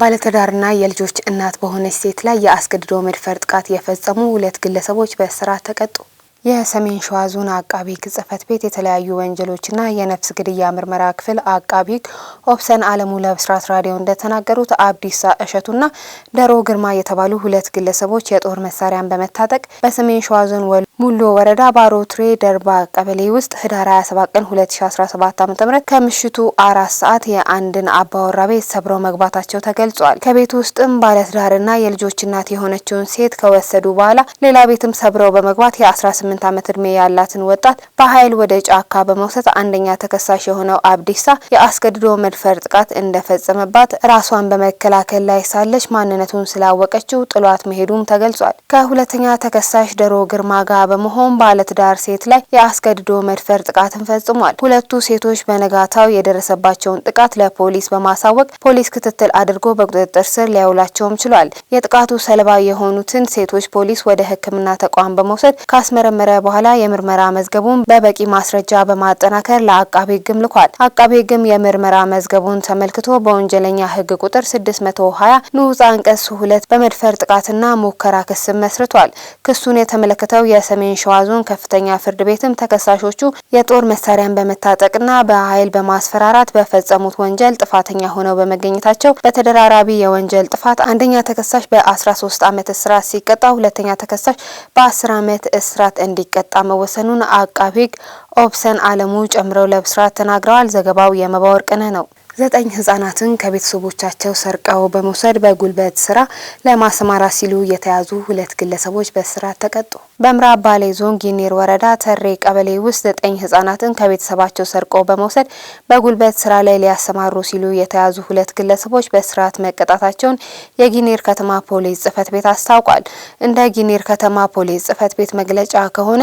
ባለትዳርና የልጆች እናት በሆነች ሴት ላይ የአስገድዶ መድፈር ጥቃት የፈጸሙ ሁለት ግለሰቦች በእስራት ተቀጡ። የሰሜን ሸዋ ዞን አቃቢ ሕግ ጽሕፈት ቤት የተለያዩ ወንጀሎችና የነፍስ ግድያ ምርመራ ክፍል አቃቢ ሕግ ኦብሰን አለሙ ለብስራት ራዲዮ እንደተናገሩት አብዲሳ እሸቱና ደሮ ግርማ የተባሉ ሁለት ግለሰቦች የጦር መሳሪያን በመታጠቅ በሰሜን ሸዋ ዞን ሙሎ ወረዳ ባሮ ደርባ ቀበሌ ውስጥ ህዳር 27 ቀን 2017 ዓ.ም ከምሽቱ አራት ሰዓት የአንድን አባወራ ቤት ሰብረው መግባታቸው ተገልጿል። ከቤት ውስጥም ባለትዳርና የልጆች እናት የሆነችውን ሴት ከወሰዱ በኋላ ሌላ ቤትም ሰብረው በመግባት የ18 ዓመት እድሜ ያላትን ወጣት በኃይል ወደ ጫካ በመውሰድ አንደኛ ተከሳሽ የሆነው አብዲሳ የአስገድዶ መድፈር ጥቃት እንደፈጸመባት ራሷን በመከላከል ላይ ሳለች ማንነቱን ስላወቀችው ጥሏት መሄዱም ተገልጿል። ከሁለተኛ ተከሳሽ ደሮ ግርማ ጋር በመሆን ባለትዳር ሴት ላይ የአስገድዶ መድፈር ጥቃትን ፈጽሟል። ሁለቱ ሴቶች በነጋታው የደረሰባቸውን ጥቃት ለፖሊስ በማሳወቅ ፖሊስ ክትትል አድርጎ በቁጥጥር ስር ሊያውላቸውም ችሏል። የጥቃቱ ሰለባ የሆኑትን ሴቶች ፖሊስ ወደ ሕክምና ተቋም በመውሰድ ካስመረመረ በኋላ የምርመራ መዝገቡን በበቂ ማስረጃ በማጠናከር ለአቃቤ ሕግም ልኳል። አቃቤ ሕግም የምርመራ መዝገቡን ተመልክቶ በወንጀለኛ ሕግ ቁጥር 620 ንዑስ አንቀጽ ሁለት በመድፈር ጥቃትና ሙከራ ክስም መስርቷል። ክሱን የተመለከተው በሰሜን ሸዋ ዞን ከፍተኛ ፍርድ ቤትም ተከሳሾቹ የጦር መሳሪያን በመታጠቅና በኃይል በማስፈራራት በፈጸሙት ወንጀል ጥፋተኛ ሆነው በመገኘታቸው በተደራራቢ የወንጀል ጥፋት አንደኛ ተከሳሽ በ13 ዓመት እስራት ሲቀጣ፣ ሁለተኛ ተከሳሽ በ10 ዓመት እስራት እንዲቀጣ መወሰኑን አቃቤ ሕግ ኦብሰን አለሙ ጨምረው ለብስራት ተናግረዋል። ዘገባው የመባ ነው። ዘጠኝ ህጻናትን ከቤተሰቦቻቸው ሰርቀው በመውሰድ በጉልበት ስራ ለማሰማራት ሲሉ የተያዙ ሁለት ግለሰቦች በእስራት ተቀጡ። በምዕራብ ባሌ ዞን ጊኒር ወረዳ ተሬ ቀበሌ ውስጥ ዘጠኝ ህጻናትን ከቤተሰባቸው ሰርቀው በመውሰድ በጉልበት ስራ ላይ ሊያሰማሩ ሲሉ የተያዙ ሁለት ግለሰቦች በእስራት መቀጣታቸውን የጊኒር ከተማ ፖሊስ ጽህፈት ቤት አስታውቋል። እንደ ጊኒር ከተማ ፖሊስ ጽህፈት ቤት መግለጫ ከሆነ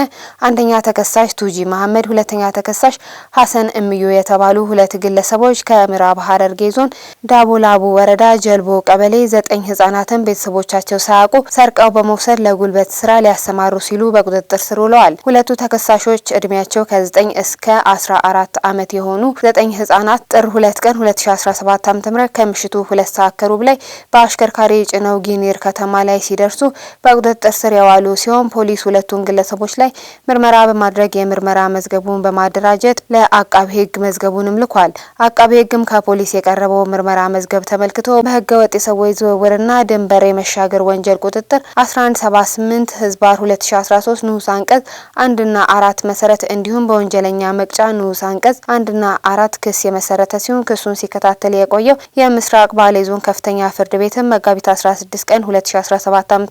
አንደኛ ተከሳሽ ቱጂ መሐመድ፣ ሁለተኛ ተከሳሽ ሀሰን እምዩ የተባሉ ሁለት ግለሰቦች ከምራ ምዕራብ ሐረርጌ ዞን ዳቦላቡ ወረዳ ጀልቦ ቀበሌ ዘጠኝ ህጻናትን ቤተሰቦቻቸው ሳያውቁ ሰርቀው በመውሰድ ለጉልበት ስራ ሊያሰማሩ ሲሉ በቁጥጥር ስር ውለዋል። ሁለቱ ተከሳሾች እድሜያቸው ከዘጠኝ 9 እስከ 14 ዓመት የሆኑ ዘጠኝ ህጻናት ጥር 2 ቀን 2017 ዓ.ም ከምሽቱ ሁለት ሰዓት ከሩብ ላይ በአሽከርካሪ ጭነው ጊኒር ከተማ ላይ ሲደርሱ በቁጥጥር ስር የዋሉ ሲሆን ፖሊስ ሁለቱን ግለሰቦች ላይ ምርመራ በማድረግ የምርመራ መዝገቡን በማደራጀት ለአቃቢ ህግ መዝገቡንም ልኳል። አቃቢ ህግም ከ ከፖሊስ የቀረበው ምርመራ መዝገብ ተመልክቶ በህገ ወጥ የሰዎች ዝውውርና ድንበር የመሻገር ወንጀል ቁጥጥር 1178 ህዝባር 2013 ንዑስ አንቀጽ አንድና አራት መሰረት እንዲሁም በወንጀለኛ መቅጫ ንዑስ አንቀጽ አንድና አራት ክስ የመሰረተ ሲሆን ክሱን ሲከታተል የቆየው የምስራቅ ባሌ ዞን ከፍተኛ ፍርድ ቤትም መጋቢት 16 ቀን 2017 ዓ.ም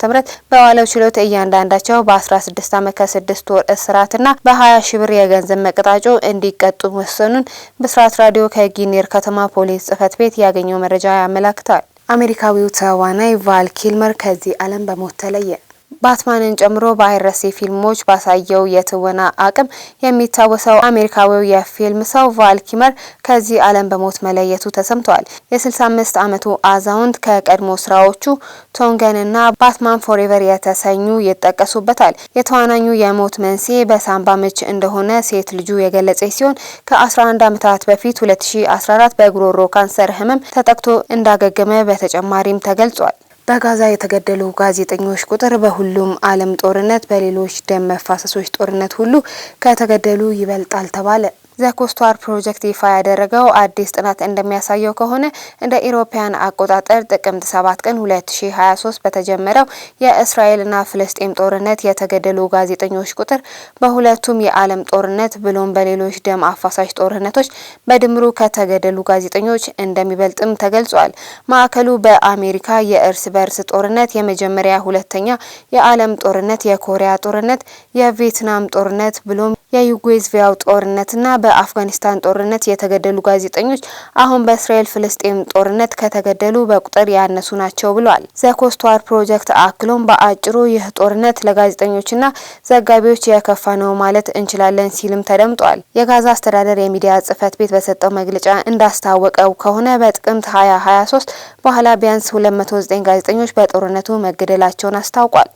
በዋለው ችሎት እያንዳንዳቸው በ16 ዓመት ከስድስት ወር እስራትና በ20 ሺ ብር የገንዘብ መቅጣጮ እንዲቀጡ መወሰኑን ብስራት ራዲዮ ከጊኒር ከተማ ፖሊስ ጽህፈት ቤት ያገኘው መረጃ ያመላክታል። አሜሪካዊው ተዋናይ ቫል ኪልመር ከዚህ ዓለም በሞት ተለየ። ባትማንን ጨምሮ በአይረሴ ፊልሞች ባሳየው የትወና አቅም የሚታወሰው አሜሪካዊው የፊልም ሰው ቫልኪመር ከዚህ ዓለም በሞት መለየቱ ተሰምተዋል። የ65 ዓመቱ አዛውንት ከቀድሞ ስራዎቹ ቶንገን እና ባትማን ፎሬቨር የተሰኙ ይጠቀሱበታል። የተዋናኙ የሞት መንስኤ በሳምባ ምች እንደሆነ ሴት ልጁ የገለጸች ሲሆን ከ11 ዓመታት በፊት 2014 በጉሮሮ ካንሰር ህመም ተጠቅቶ እንዳገገመ በተጨማሪም ተገልጿል። በጋዛ የተገደሉ ጋዜጠኞች ቁጥር በሁሉም ዓለም ጦርነት፣ በሌሎች ደም መፋሰሶች ጦርነት ሁሉ ከተገደሉ ይበልጣል ተባለ። ኮስቷር ፕሮጀክት ይፋ ያደረገው አዲስ ጥናት እንደሚያሳየው ከሆነ እንደ ኢሮፓያን አቆጣጠር ጥቅምት 7 ቀን 2023 በተጀመረው የእስራኤልና ፍልስጤም ጦርነት የተገደሉ ጋዜጠኞች ቁጥር በሁለቱም የዓለም ጦርነት ብሎም በሌሎች ደም አፋሳሽ ጦርነቶች በድምሩ ከተገደሉ ጋዜጠኞች እንደሚበልጥም ተገልጿል። ማዕከሉ በአሜሪካ የእርስ በርስ ጦርነት የመጀመሪያ፣ ሁለተኛ የዓለም ጦርነት፣ የኮሪያ ጦርነት፣ የቪየትናም ጦርነት ብሎም የዩጎዝቪያው ጦርነትና በአፍጋኒስታን ጦርነት የተገደሉ ጋዜጠኞች አሁን በእስራኤል ፍልስጤም ጦርነት ከተገደሉ በቁጥር ያነሱ ናቸው ብለዋል። ዘኮስቷር ፕሮጀክት አክሎም በአጭሩ ይህ ጦርነት ለጋዜጠኞችና ዘጋቢዎች የከፋ ነው ማለት እንችላለን ሲልም ተደምጧል። የጋዛ አስተዳደር የሚዲያ ጽህፈት ቤት በሰጠው መግለጫ እንዳስታወቀው ከሆነ በጥቅምት 2023 በኋላ ቢያንስ 209 ጋዜጠኞች በጦርነቱ መገደላቸውን አስታውቋል።